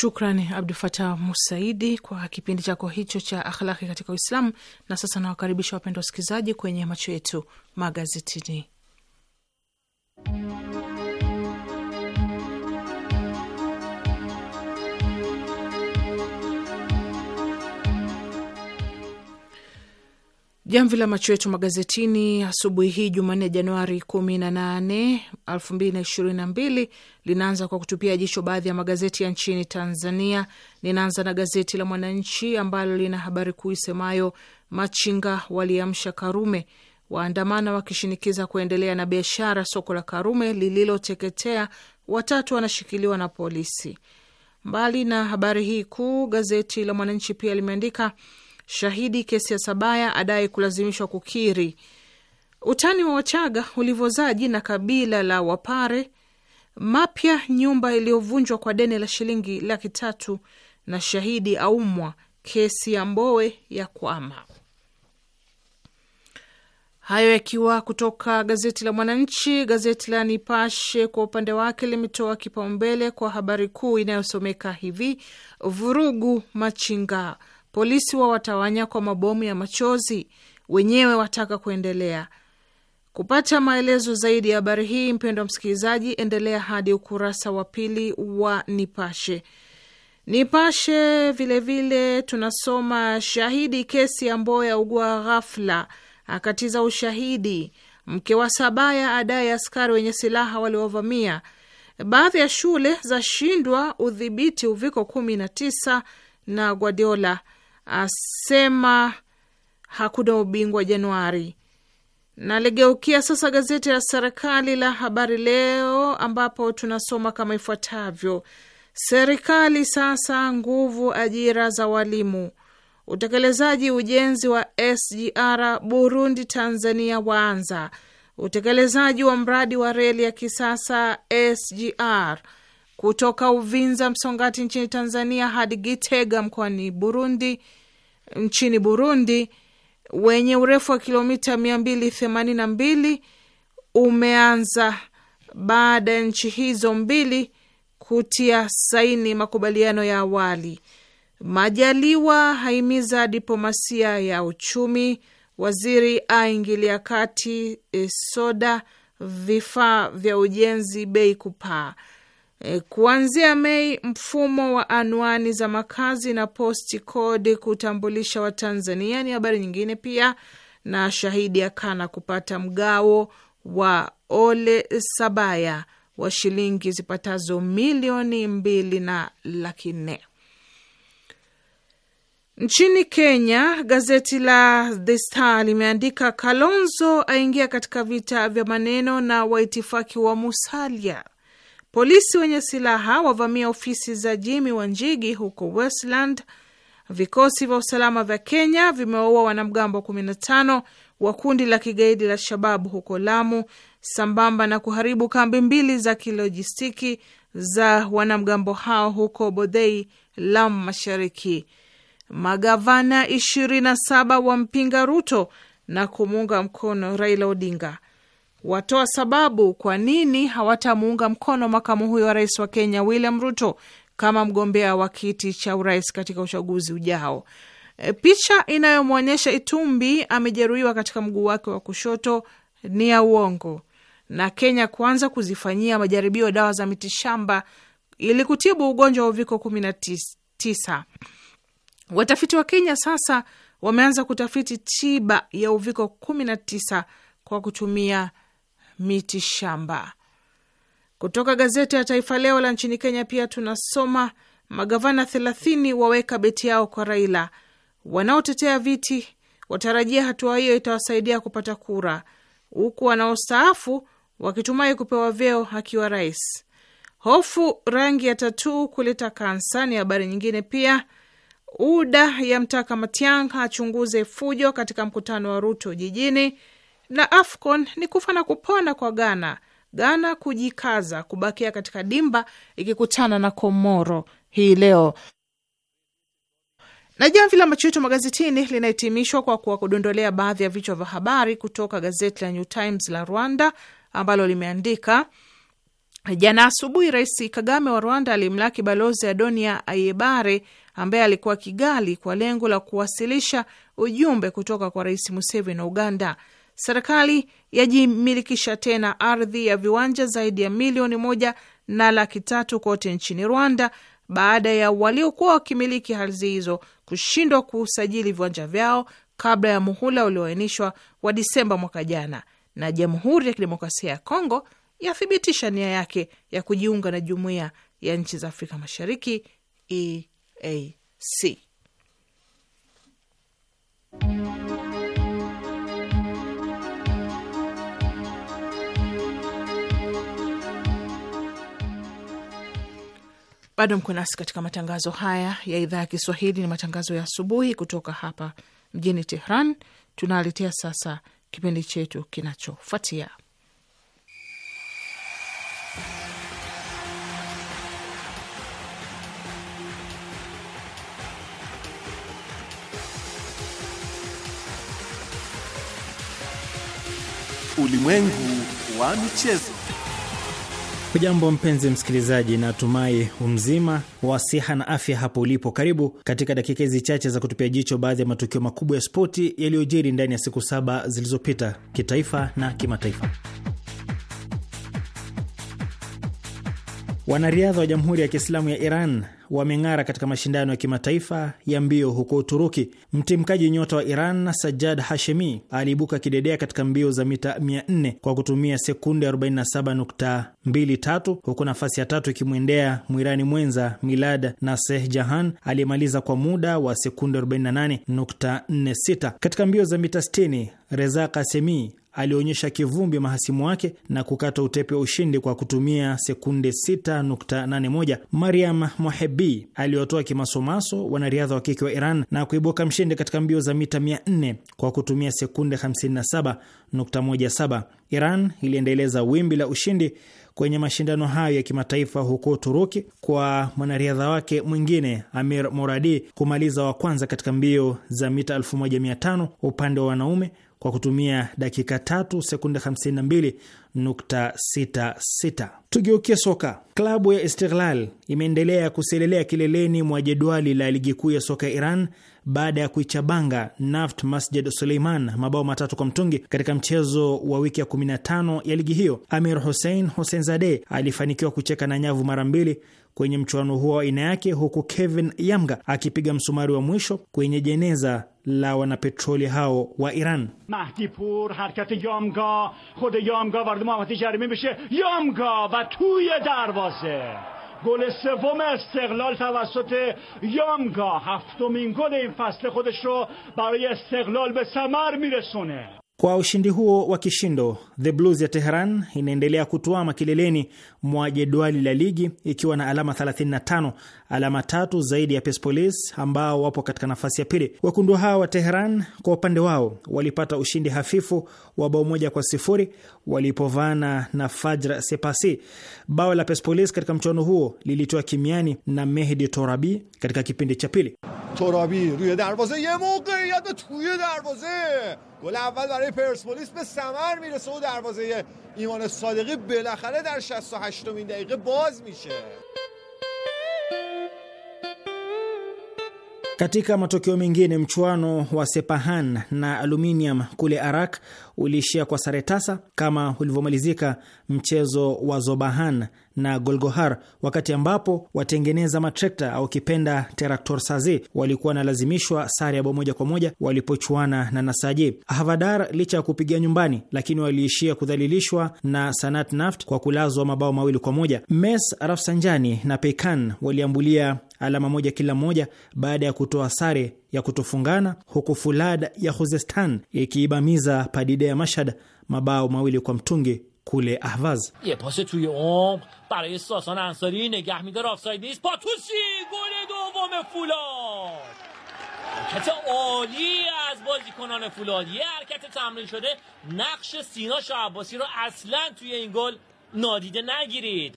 Shukrani Abdu Fatah Musaidi kwa kipindi chako hicho cha akhlaki katika Uislamu. Na sasa nawakaribisha wapendwa wasikilizaji kwenye macho yetu magazetini. Jamvi la macho yetu magazetini asubuhi hii Jumanne, Januari 18, 2022 linaanza kwa kutupia jicho baadhi ya magazeti ya nchini Tanzania. Ninaanza na gazeti la Mwananchi ambalo lina habari kuu isemayo machinga waliamsha Karume, waandamana wakishinikiza kuendelea na biashara soko la Karume lililoteketea, watatu wanashikiliwa na polisi. Mbali na habari hii kuu, gazeti la Mwananchi pia limeandika Shahidi kesi ya Sabaya adai kulazimishwa kukiri. Utani wa Wachaga ulivozaa jina kabila la Wapare. Mapya nyumba iliyovunjwa kwa deni la shilingi laki tatu na shahidi aumwa. Kesi ya Mbowe ya kwama. Hayo yakiwa kutoka gazeti la Mwananchi. Gazeti la Nipashe kwa upande wake limetoa kipaumbele kwa habari kuu inayosomeka hivi: vurugu machinga polisi wa watawanya kwa mabomu ya machozi, wenyewe wataka kuendelea. Kupata maelezo zaidi ya habari hii, mpendwa msikilizaji, endelea hadi ukurasa wa pili wa Nipashe. Nipashe vilevile vile, tunasoma shahidi kesi ya Mboya ya ugua ghafla akatiza ushahidi, mke wa Sabaya adai askari wenye silaha waliovamia baadhi ya shule zashindwa udhibiti uviko tisa na Guardiola asema hakuna ubingwa Januari. Naligeukia sasa gazeti la serikali la Habari Leo ambapo tunasoma kama ifuatavyo: serikali sasa nguvu ajira za walimu, utekelezaji ujenzi wa SGR Burundi Tanzania waanza, utekelezaji wa mradi wa reli ya kisasa SGR kutoka Uvinza Msongati nchini Tanzania hadi Gitega mkoani Burundi, nchini Burundi, wenye urefu wa kilomita mia mbili na mbili umeanza baada ya nchi hizo mbili kutia saini makubaliano ya awali. Majaliwa haimiza diplomasia ya uchumi. Waziri aingilia kati. Eh, soda vifaa vya ujenzi bei kupaa. E, kuanzia Mei, mfumo wa anwani za makazi na posti kodi kutambulisha Watanzania ni habari nyingine pia. Na shahidi akana kupata mgao wa Ole Sabaya wa shilingi zipatazo milioni mbili na laki nne. Nchini Kenya, gazeti la The Star limeandika Kalonzo aingia katika vita vya maneno na waitifaki wa Musalia Polisi wenye silaha wavamia ofisi za Jimmy Wanjigi huko Westland. Vikosi vya usalama vya Kenya vimewaua wanamgambo 15 wa kundi la kigaidi la Shababu huko Lamu, sambamba na kuharibu kambi mbili za kilojistiki za wanamgambo hao huko Bodhei, Lamu Mashariki. Magavana 27 wampinga Ruto na kumuunga mkono Raila Odinga watoa sababu kwa nini hawatamuunga mkono makamu huyo wa rais wa Kenya William Ruto kama mgombea wa kiti cha urais katika uchaguzi ujao. E, picha inayomwonyesha Itumbi amejeruhiwa katika mguu wake wa kushoto ni ya uongo, na Kenya kuanza kuzifanyia majaribio dawa za mitishamba ili kutibu ugonjwa wa uviko 19. Watafiti wa Kenya sasa wameanza kutafiti tiba ya uviko 19 kwa kutumia miti shamba. Kutoka gazeti ya Taifa Leo la nchini Kenya pia tunasoma magavana 30 waweka beti yao kwa Raila, wanaotetea viti watarajia hatua hiyo itawasaidia kupata kura, huku wanaostaafu wakitumai kupewa vyeo akiwa rais. Hofu rangi ya tatuu kuleta kansa ni habari nyingine. Pia UDA ya mtaka Matiang'i achunguze fujo katika mkutano wa Ruto jijini na AFCON ni kufa na kupona kwa Ghana. Ghana kujikaza kubakia katika dimba ikikutana na Komoro hii leo. Na jamvi la macho yetu magazetini linahitimishwa kwa kuwakudondolea baadhi ya vichwa vya habari kutoka gazeti la New Times la Rwanda ambalo limeandika jana asubuhi, Rais Kagame wa Rwanda alimlaki Balozi Adonia Ayebare ambaye alikuwa Kigali kwa lengo la kuwasilisha ujumbe kutoka kwa Rais Museveni wa Uganda. Serikali yajimilikisha tena ardhi ya viwanja zaidi ya milioni moja na laki tatu kote nchini Rwanda baada ya waliokuwa wakimiliki ardhi hizo kushindwa kusajili viwanja vyao kabla ya muhula ulioainishwa wa Disemba mwaka jana, na Jamhuri ya Kidemokrasia ya Kongo yathibitisha nia yake ya kujiunga na Jumuiya ya Nchi za Afrika Mashariki EAC. Bado mko nasi katika matangazo haya ya idhaa ya Kiswahili. Ni matangazo ya asubuhi kutoka hapa mjini Tehran. Tunaletea sasa kipindi chetu kinachofuatia Ulimwengu wa Michezo. Hujambo mpenzi msikilizaji, natumai umzima wa siha na afya hapo ulipo. Karibu katika dakika hizi chache za kutupia jicho baadhi ya matukio makubwa ya spoti yaliyojiri ndani ya siku saba zilizopita kitaifa na kimataifa. Wanariadha wa Jamhuri ya Kiislamu ya Iran wameng'ara katika mashindano ya kimataifa ya mbio huko Uturuki. Mtimkaji nyota wa Iran Sajjad Hashemi aliibuka kidedea katika mbio za mita 400 kwa kutumia sekunde 47.23 huku nafasi ya tatu ikimwendea mwirani mwenza Milad Naseh Jahan aliyemaliza kwa muda wa sekunde 48.46. Katika mbio za mita 60 Reza Kasemi alionyesha kivumbi mahasimu wake na kukata utepe wa ushindi kwa kutumia sekunde 6.81. Mariam Mohebi aliwatoa kimasomaso wanariadha wa kike wa Iran na kuibuka mshindi katika mbio za mita 400 kwa kutumia sekunde 57.17. Iran iliendeleza wimbi la ushindi kwenye mashindano hayo ya kimataifa huko Uturuki kwa mwanariadha wake mwingine Amir Moradi kumaliza wa kwanza katika mbio za mita 1500 upande wa wanaume kwa kutumia dakika tatu sekunde 52.66. Tugeukie soka. Klabu ya Istiklal imeendelea kuselelea kileleni mwa jedwali la ligi kuu ya soka ya Iran baada ya kuichabanga Naft Masjid Suleiman mabao matatu kwa mtungi katika mchezo wa wiki ya 15 ya ligi hiyo. Amir Hussein Hussein Zade alifanikiwa kucheka na nyavu mara mbili kwenye mchuano huo wa aina yake, huku Kevin Yamga akipiga msumari wa mwisho kwenye jeneza la wanapetroli hao wa Iran. Mahdipur harakati yamga khud yamga vard muhamati jarime mishe yamga va tuye darvaze gol سوم استقلال توسط Yamga هفتمین gol in فصل خودش ro baraye استقلال be samar miresone. Kwa ushindi huo wa kishindo, The Blues ya Tehran inaendelea kutuama kileleni mwa jedwali la ligi ikiwa na alama 35, alama tatu zaidi ya Persepolis ambao wapo katika nafasi ya pili. Wekundu hawa wa teheran kwa upande wao walipata ushindi hafifu wa bao moja kwa sifuri walipovana na Fajr Sepasi. Bao la Persepolis katika mchuano huo lilitoa kimiani na Mehdi Torabi katika kipindi cha pili. Torabi ruye darvaze ye moqeiyat tuye darvaze gol avval baraye Persepolis be samar mirese darvaze ایمان صادقی بالاخره در 68 مین دقیقه باز میشه Katika matokeo mengine mchuano wa Sepahan na Aluminium kule Arak uliishia kwa sare tasa kama ulivyomalizika mchezo wa Zobahan na Golgohar, wakati ambapo watengeneza matrekta au kipenda Teraktor Sazi walikuwa wanalazimishwa sare ya bao moja kwa moja walipochuana na Nasaji. Havadar licha ya kupigia nyumbani, lakini waliishia kudhalilishwa na Sanat Naft kwa kulazwa mabao mawili kwa moja. Mes Rafsanjani na Peikan waliambulia alama moja kila mmoja baada ya kutoa sare ya kutofungana, huku Fulad ya Khuzestan ikiibamiza Padida ya Mashhad mabao mawili kwa mtungi kule Ahvaz.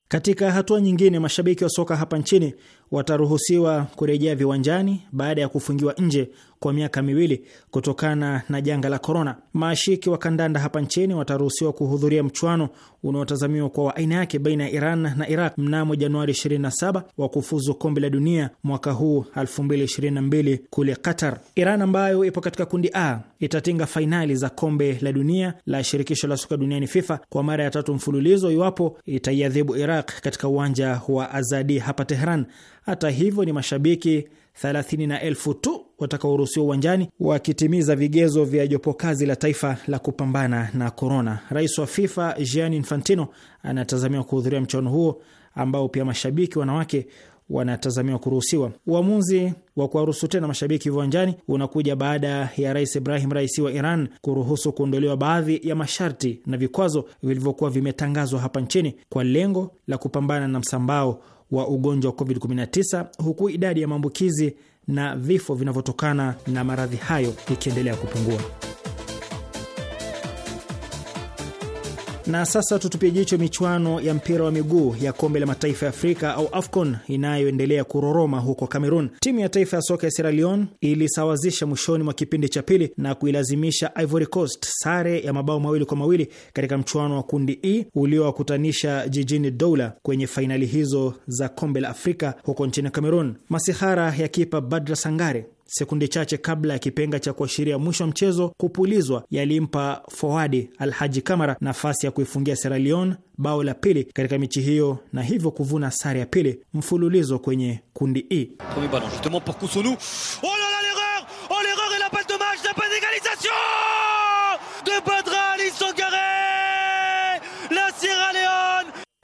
Katika hatua nyingine, mashabiki wa soka hapa nchini wataruhusiwa kurejea viwanjani baada ya kufungiwa nje kwa miaka miwili kutokana na janga la korona. Maashiki wa kandanda hapa nchini wataruhusiwa kuhudhuria mchuano unaotazamiwa kwa wa aina yake baina ya Iran na Iraq mnamo Januari 27 wa kufuzu kombe la dunia mwaka huu 2022 kule Qatar. Iran ambayo ipo katika kundi A itatinga fainali za kombe la dunia la shirikisho la soka duniani FIFA kwa mara ya tatu mfululizo iwapo itaiadhibu Iraq katika uwanja wa Azadi hapa Tehran. Hata hivyo ni mashabiki thelathini na elfu tu watakaoruhusiwa uwanjani wakitimiza vigezo vya jopo kazi la taifa la kupambana na korona. Rais wa FIFA Gianni Infantino anatazamiwa kuhudhuria mchuano huo ambao pia mashabiki wanawake wanatazamiwa kuruhusiwa. Uamuzi wa kuwaruhusu tena mashabiki viwanjani unakuja baada ya Rais Ibrahim Raisi wa Iran kuruhusu kuondolewa baadhi ya masharti na vikwazo vilivyokuwa vimetangazwa hapa nchini kwa lengo la kupambana na msambao wa ugonjwa wa COVID-19 huku idadi ya maambukizi na vifo vinavyotokana na maradhi hayo ikiendelea kupungua. Na sasa tutupie jicho michuano ya mpira wa miguu ya kombe la mataifa ya Afrika au AFCON inayoendelea kuroroma huko Cameroon. Timu ya taifa ya soka ya Sierra Leone ilisawazisha mwishoni mwa kipindi cha pili na kuilazimisha Ivory Coast sare ya mabao mawili kwa mawili katika mchuano wa kundi E uliowakutanisha jijini Doula kwenye fainali hizo za kombe la Afrika huko nchini Cameroon. Masihara ya kipa Badra Sangare Sekunde chache kabla ya kipenga cha kuashiria mwisho wa mchezo kupulizwa, yalimpa forwadi Alhaji Kamara nafasi ya kuifungia Sierra Leone bao la pili katika michi hiyo na hivyo kuvuna sare ya pili mfululizo kwenye kundi E. Oh oh,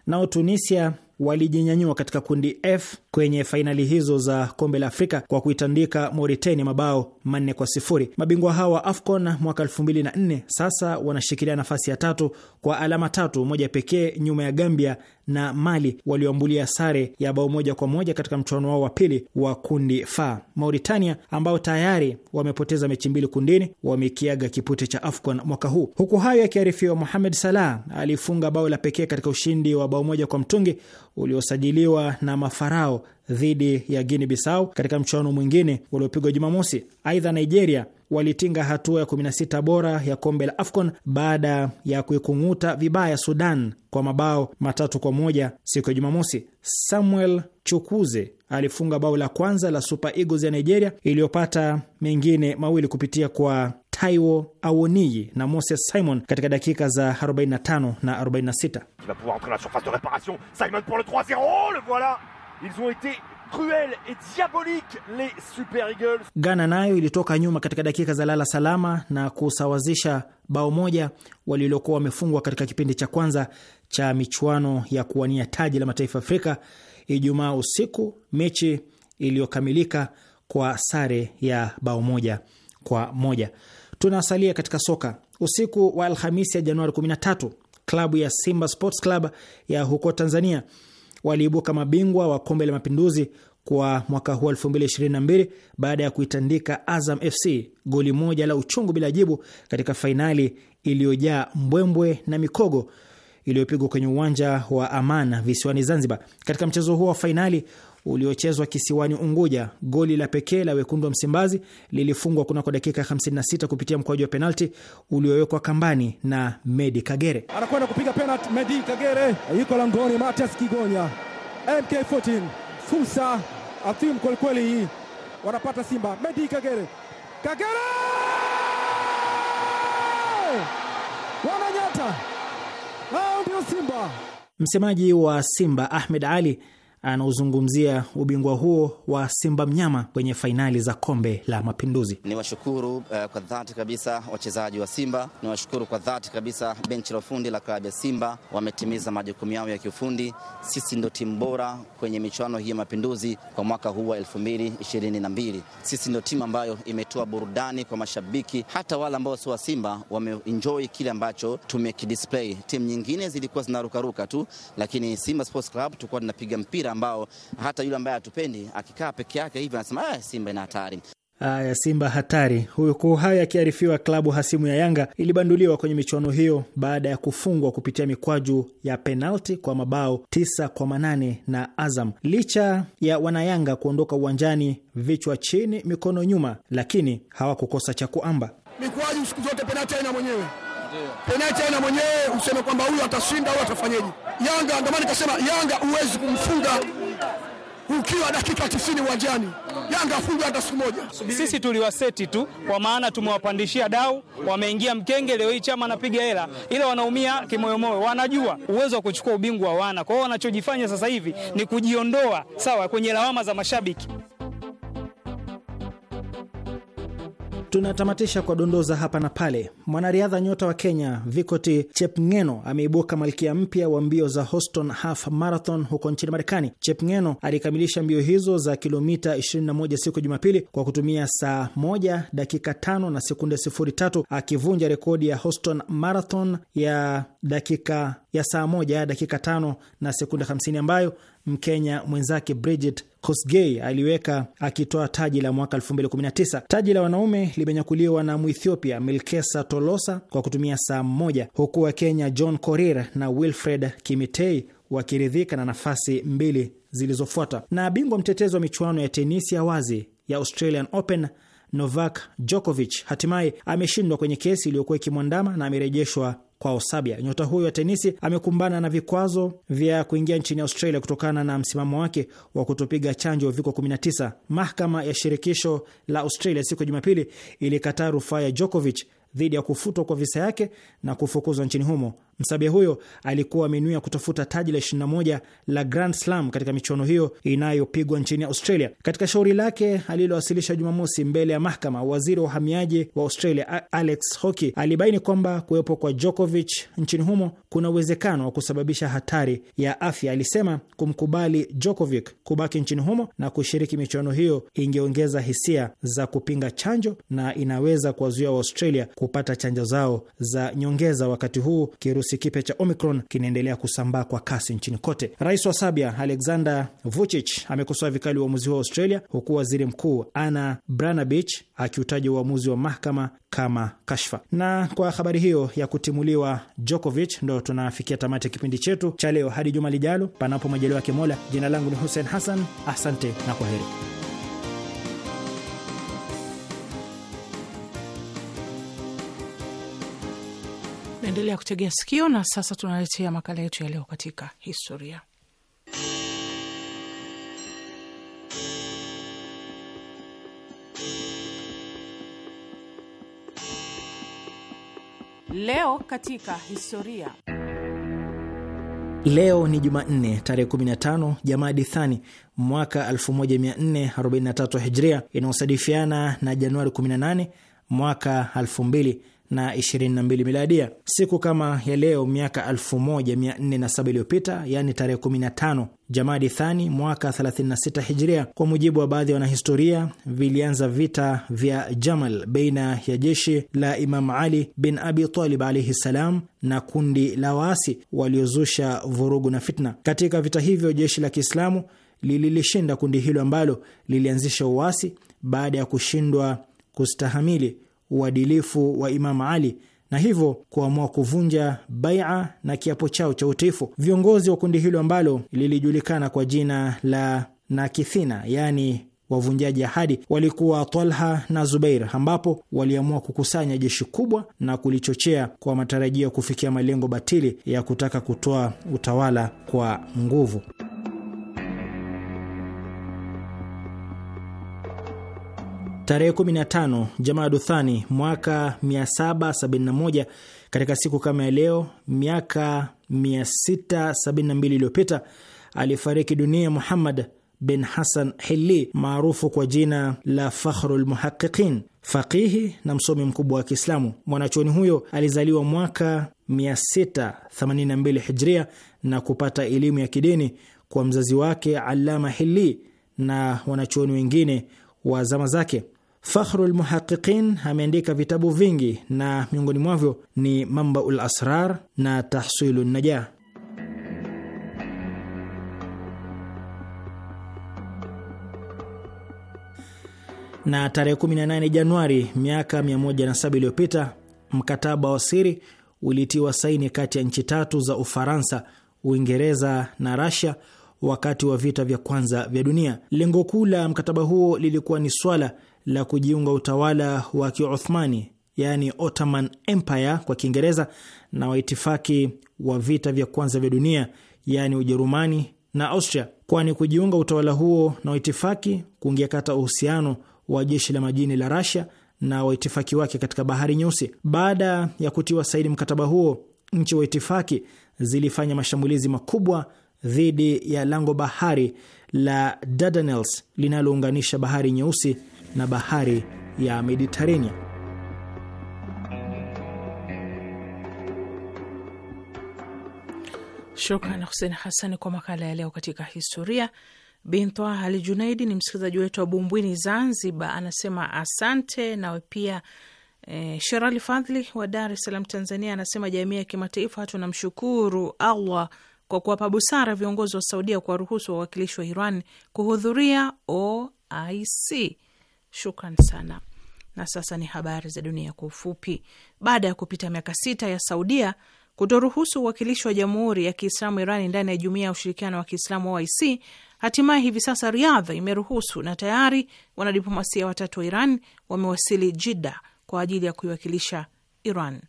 Nao Tunisia walijinyanyua katika kundi F kwenye fainali hizo za kombe la Afrika kwa kuitandika Mauritania mabao manne kwa sifuri. Mabingwa hawa wa AFCON mwaka nne sasa wanashikilia nafasi ya tatu kwa alama tatu, moja pekee nyuma ya Gambia na Mali walioambulia sare ya bao moja kwa moja katika mchuano wao wa pili wa kundi F. Mauritania ambao tayari wamepoteza mechi mbili kundini, wamekiaga kipute cha AFCON mwaka huu. Huku hayo yakiarifiwa, Mohamed Salah alifunga bao la pekee katika ushindi wa bao moja kwa mtungi uliosajiliwa na mafarao dhidi ya Guinea bisau katika mchuano mwingine uliopigwa Jumamosi. Aidha, Nigeria walitinga hatua ya 16 bora ya kombe la AFCON baada ya kuikung'uta vibaya Sudan kwa mabao matatu kwa moja siku ya Jumamosi. Samuel chukuze alifunga bao la kwanza la Super Eagles ya Nigeria iliyopata mengine mawili kupitia kwa Taiwo Awoniyi na Moses Simon katika dakika za 45 na 46. Simon pour le 3-0, le voilà. Ils ont été et les Super Eagles. Ghana nayo ilitoka nyuma katika dakika za lala salama na kusawazisha bao moja walilokuwa wamefungwa katika kipindi cha kwanza cha michuano ya kuwania taji la mataifa Afrika Ijumaa usiku, mechi iliyokamilika kwa sare ya bao moja kwa moja. Tunasalia katika soka. Usiku wa Alhamisi ya Januari 13 klabu ya Simba Sports Club ya huko Tanzania waliibuka mabingwa wa kombe la mapinduzi kwa mwaka huu 2022 baada ya kuitandika Azam FC goli moja la uchungu bila jibu katika fainali iliyojaa mbwembwe na mikogo iliyopigwa kwenye uwanja wa Amana visiwani Zanzibar. Katika mchezo huo wa fainali uliochezwa kisiwani Unguja. Goli la pekee la wekundu wa Msimbazi lilifungwa kunako dakika 56 kupitia mkwaju wa penalti uliowekwa kambani na Medi Kagere. Anakwenda kupiga penalti, Medi Kagere yuko langoni. Matias Kigonya, MK14, Fusa Athim, kwelikweli hii wanapata Simba. Medi Kagere, Kagere wananyata, hao ndio Simba. Msemaji wa Simba Ahmed Ali anaozungumzia ubingwa huo wa Simba mnyama kwenye fainali za kombe la Mapinduzi. Ni washukuru uh, eh, kwa dhati kabisa wachezaji wa Simba, ni washukuru kwa dhati kabisa benchi la ufundi la klabu ya Simba, wametimiza majukumu yao ya kiufundi. Sisi ndo timu bora kwenye michuano hii ya Mapinduzi kwa mwaka huu wa mbili. Sisi ndo timu ambayo imetoa burudani kwa mashabiki, hata wale ambao sio wa Simba wameenjoy kile ambacho tumekidisplay. Timu nyingine zilikuwa zinarukaruka tu, lakini Simba Sports Club tulikuwa tunapiga mpira ambao hata yule ambaye hatupendi akikaa peke yake hivyo anasema ah, Simba ina hatari. aya Simba hatari. Huyu hayo akiarifiwa klabu hasimu ya Yanga ilibanduliwa kwenye michuano hiyo baada ya kufungwa kupitia mikwaju ya penalti kwa mabao tisa kwa manane na Azam. Licha ya wanayanga kuondoka uwanjani vichwa chini, mikono nyuma, lakini hawakukosa cha kuamba. Mikwaju siku zote penalti aina mwenyewe penati aina mwenyewe useme kwamba huyo atashinda au atafanyeje. Yanga ndio maana nikasema Yanga huwezi kumfunga ukiwa dakika 90 uwanjani. Yanga afunge hata siku moja. Sisi tuliwaseti tu, kwa maana tumewapandishia dau, wameingia mkenge. Leo hii chama anapiga hela, ila wanaumia kimoyomoyo, wanajua uwezo wa kuchukua ubingwa hawana. Kwa hiyo wanachojifanya sasa hivi ni kujiondoa sawa kwenye lawama za mashabiki. Tunatamatisha kwa dondoza hapa na pale. Mwanariadha nyota wa Kenya Vikoti Chepngeno ameibuka malkia mpya wa mbio za Houston Half Marathon huko nchini Marekani. Chepngeno alikamilisha mbio hizo za kilomita 21 siku Jumapili kwa kutumia saa 1 dakika 5 na sekunde 03 akivunja rekodi ya Houston Marathon ya dakika ya saa 1 dakika 5 na sekunde 50 ambayo Mkenya mwenzake Bridget Kosgei aliweka akitoa taji la mwaka 2019. Taji la wanaume limenyakuliwa na muethiopia Milkesa Tolosa kwa kutumia saa moja, huku wa Kenya John Korir na Wilfred Kimitei wakiridhika na nafasi mbili zilizofuata. Na bingwa mtetezi wa michuano ya tenisi ya wazi ya Australian Open Novak Djokovic hatimaye ameshindwa kwenye kesi iliyokuwa ikimwandama na amerejeshwa kwa osabia Nyota huyo wa tenisi amekumbana na vikwazo vya kuingia nchini Australia kutokana na msimamo wake wa kutopiga chanjo ya uviko 19. Mahakama ya shirikisho la Australia siku ya Jumapili ilikataa rufaa ya Djokovic dhidi ya kufutwa kwa visa yake na kufukuzwa nchini humo. Msabia huyo alikuwa amenuia kutafuta taji la 21 la Grand Slam katika michuano hiyo inayopigwa nchini Australia. Katika shauri lake alilowasilisha Jumamosi mbele ya mahakama, waziri wa uhamiaji wa Australia Alex Hockey alibaini kwamba kuwepo kwa Djokovic nchini humo kuna uwezekano wa kusababisha hatari ya afya. Alisema kumkubali Djokovic kubaki nchini humo na kushiriki michuano hiyo ingeongeza hisia za kupinga chanjo na inaweza kuwazuia Waaustralia kupata chanjo zao za nyongeza wakati huu kirusi kirusi kipya cha Omicron kinaendelea kusambaa kwa kasi nchini kote. Rais wa Serbia Alexander Vucic amekosoa vikali uamuzi wa Australia, huku waziri mkuu Ana branabich akiutaja uamuzi wa mahakama kama kashfa. Na kwa habari hiyo ya kutimuliwa Djokovic, ndo tunafikia tamati ya kipindi chetu cha leo. Hadi juma lijalo, panapo majaliwa yake Mola. Jina langu ni Hussein Hassan, asante na kwa heri. Endelea kutegea sikio, na sasa tunaletea makala yetu ya leo katika historia. Leo katika historia. Leo ni Jumanne tarehe 15 Jamadi Thani mwaka 1443 Hijria, inayosadifiana na Januari 18 mwaka na 22 miladia. Siku kama ya leo miaka 1407 iliyopita, yaani tarehe 15 Jamadi Thani mwaka 36 Hijria, kwa mujibu wa baadhi ya wanahistoria, vilianza vita vya Jamal baina ya jeshi la Imam Ali bin Abi Talib alaihi ssalam na kundi la waasi waliozusha vurugu na fitna. Katika vita hivyo jeshi la Kiislamu lililishinda kundi hilo ambalo lilianzisha uasi baada ya kushindwa kustahamili uadilifu wa Imamu Ali na hivyo kuamua kuvunja baia na kiapo chao cha utiifu. Viongozi wa kundi hilo ambalo lilijulikana kwa jina la Nakithina, yaani wavunjaji ahadi, walikuwa Talha na Zubair, ambapo waliamua kukusanya jeshi kubwa na kulichochea kwa matarajio ya kufikia malengo batili ya kutaka kutoa utawala kwa nguvu. Tarehe 15 Jamadu Thani mwaka 771, katika siku kama ya leo miaka 672 iliyopita alifariki dunia Muhammad bin Hassan Hilli maarufu kwa jina la Fakhrul Muhaqiqin, faqihi na msomi mkubwa wa Kiislamu. Mwanachuoni huyo alizaliwa mwaka 682 Hijria na kupata elimu ya kidini kwa mzazi wake Allama Hilli na wanachuoni wengine wa zama zake. Fakhrul Muhaqiqin ameandika vitabu vingi na miongoni mwavyo ni Mambaul Asrar na Tahsilu Naja. Na tarehe 18 Januari miaka 107 iliyopita, mkataba wa siri ulitiwa saini kati ya nchi tatu za Ufaransa, Uingereza na Rasia wakati wa vita vya kwanza vya dunia. Lengo kuu la mkataba huo lilikuwa ni swala la kujiunga utawala wa Kiuthmani yaani Ottoman Empire kwa Kiingereza na waitifaki wa vita vya kwanza vya dunia yaani Ujerumani na Austria, kwani kujiunga utawala huo na waitifaki kungekata uhusiano wa jeshi la majini la rasia na waitifaki wake katika bahari nyeusi. Baada ya kutiwa saini mkataba huo, nchi itifaki zilifanya mashambulizi makubwa dhidi ya lango bahari la Dardanelles linalounganisha bahari nyeusi na bahari ya Mediterania. Shukran Hussein Hasani kwa makala ya leo katika historia. Bintwa Ali Junaidi ni msikilizaji wetu wa Bumbwini, Zanzibar, anasema asante. Nawe pia eh, Sherali Fadhli wa Dar es Salaam, Tanzania, anasema jamii ya kimataifa tunamshukuru Allah kwa kuwapa busara viongozi wa Saudia kwa ruhusu wawakilishi wa Iran kuhudhuria OIC. Shukran sana. Na sasa ni habari za dunia kwa ufupi. Baada ya kupita miaka sita ya Saudia kutoruhusu uwakilishi wa jamhuri ya Kiislamu Irani ndani ya jumuiya ya ushirikiano wa Kiislamu OIC, hatimaye hivi sasa Riadha imeruhusu na tayari wanadiplomasia watatu wa Iran wamewasili Jidda kwa ajili ya kuiwakilisha Iran.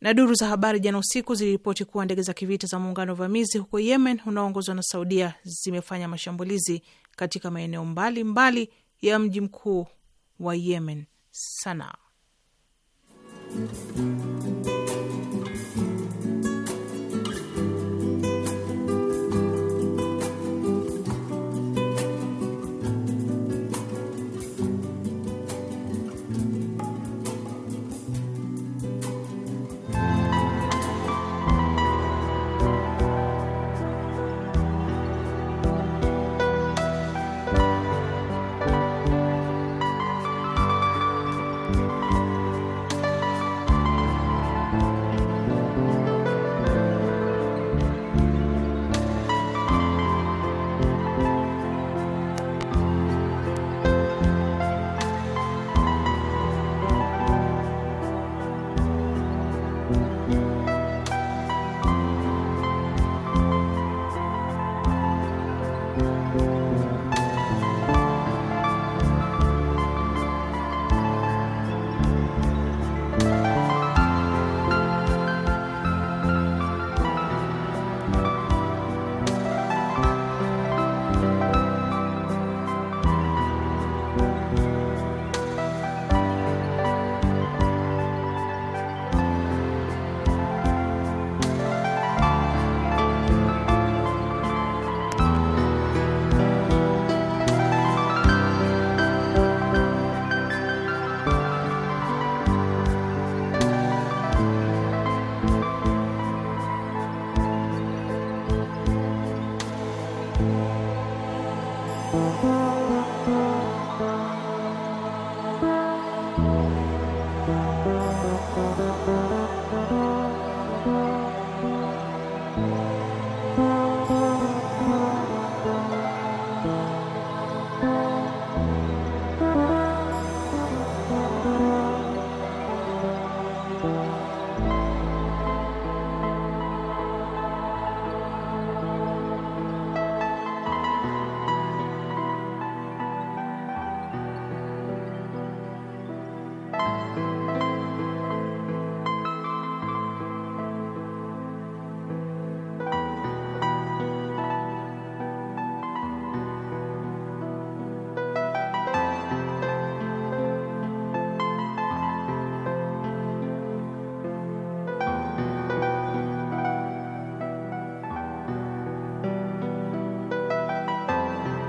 Na duru za habari jana usiku ziliripoti kuwa ndege za kivita za muungano vamizi huko Yemen unaoongozwa na Saudia zimefanya mashambulizi katika maeneo mbalimbali mbali, ya mji mkuu wa Yemen, Sanaa.